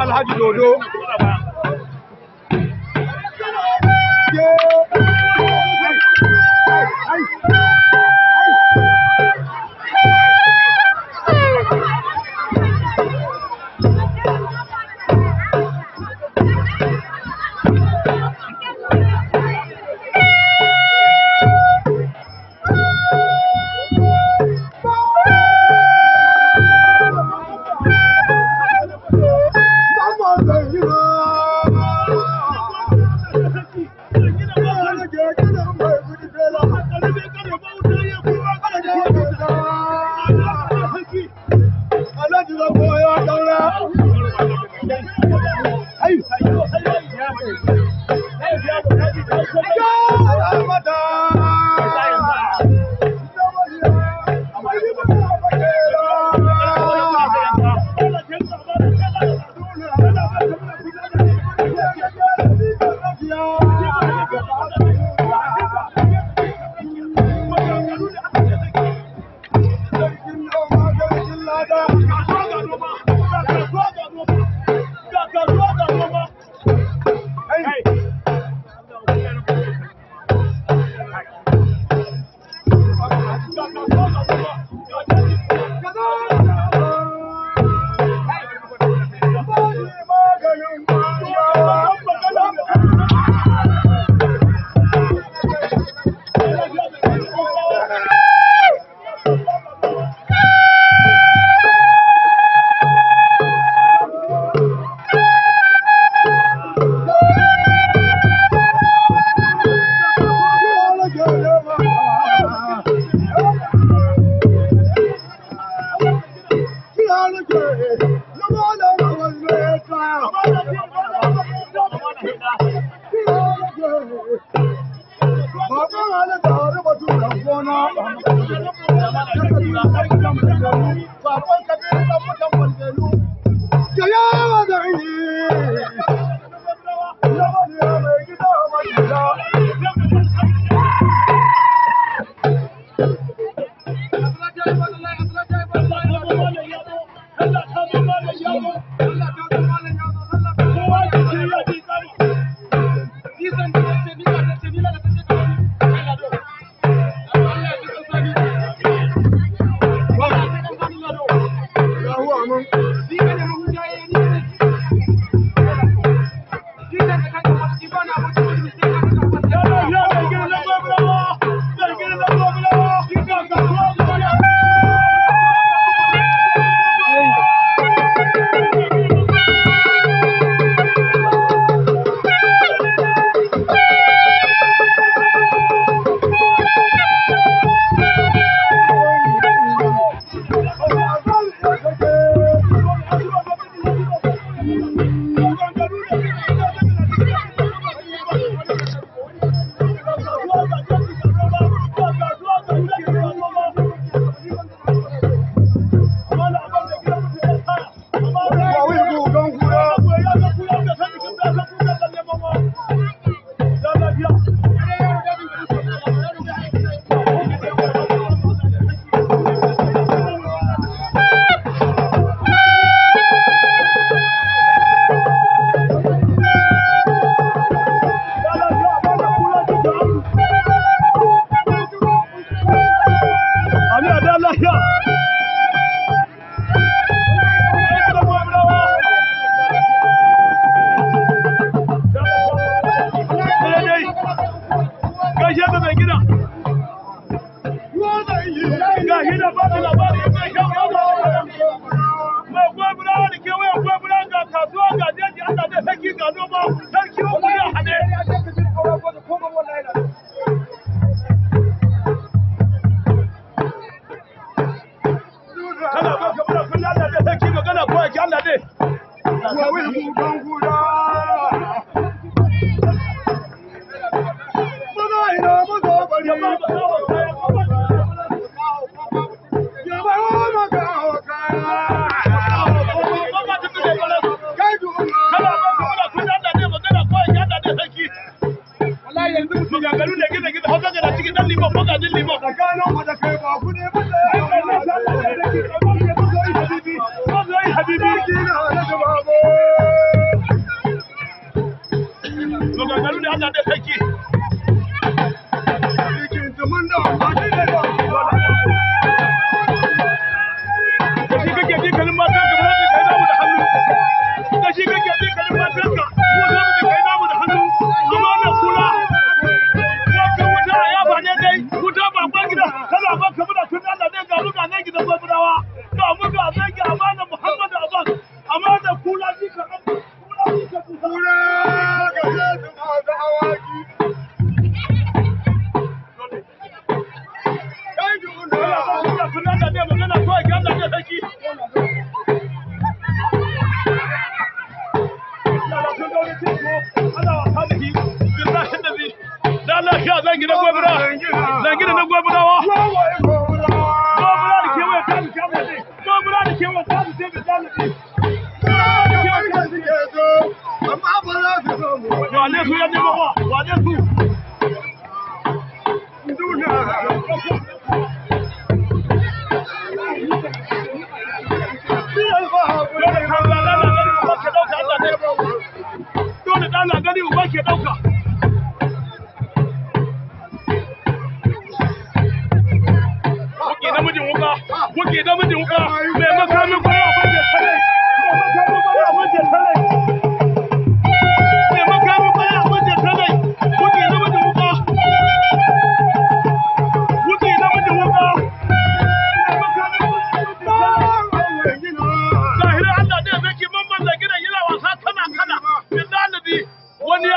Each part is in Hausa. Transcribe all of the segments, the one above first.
alhaji dodo Thank you. Baby, get Ya zan gina gwabura, zan gina na gwaburawa. Gwabura da kewaye ta su kyamata, gwabura da kewaye ta su ce da jami'i. Wane su ya nema wa? Wane su? Dole ɗana gani uba ke ɗauka. kuke da mijin ka mai makamin kuma a wajen tare mai makamin a mai makamin a Allah gidan wasa kana kana wani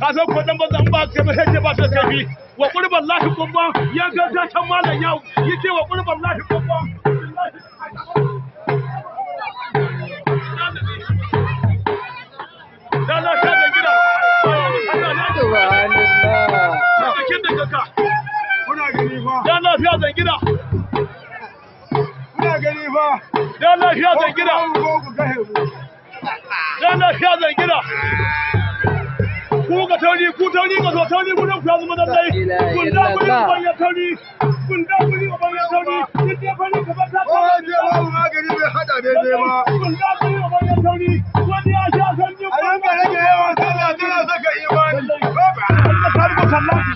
ka san kuɗin ba zan ba ka ba sai ba sai wa qurban lahi babba ya ga datan malam yau yace wa qurban lahi babba lalata da gida da gani fa dan lafiya zan gida dan lafiya da gida dan lafiya zan gida ku ga tauri ku tauri ga zo tauri ku ku zama dan dai kun da ku ga ya tauri kun da ku ga ban ya tauri duk fani ka bata ta ko je ba ma gari bai hada daidai ba kun da ku ga ban ya tauri wani ya sha san ni ba ga rage yawa sallah tana saka imani ba ba ka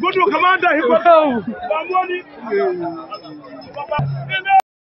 gudu kamar da hikwa ba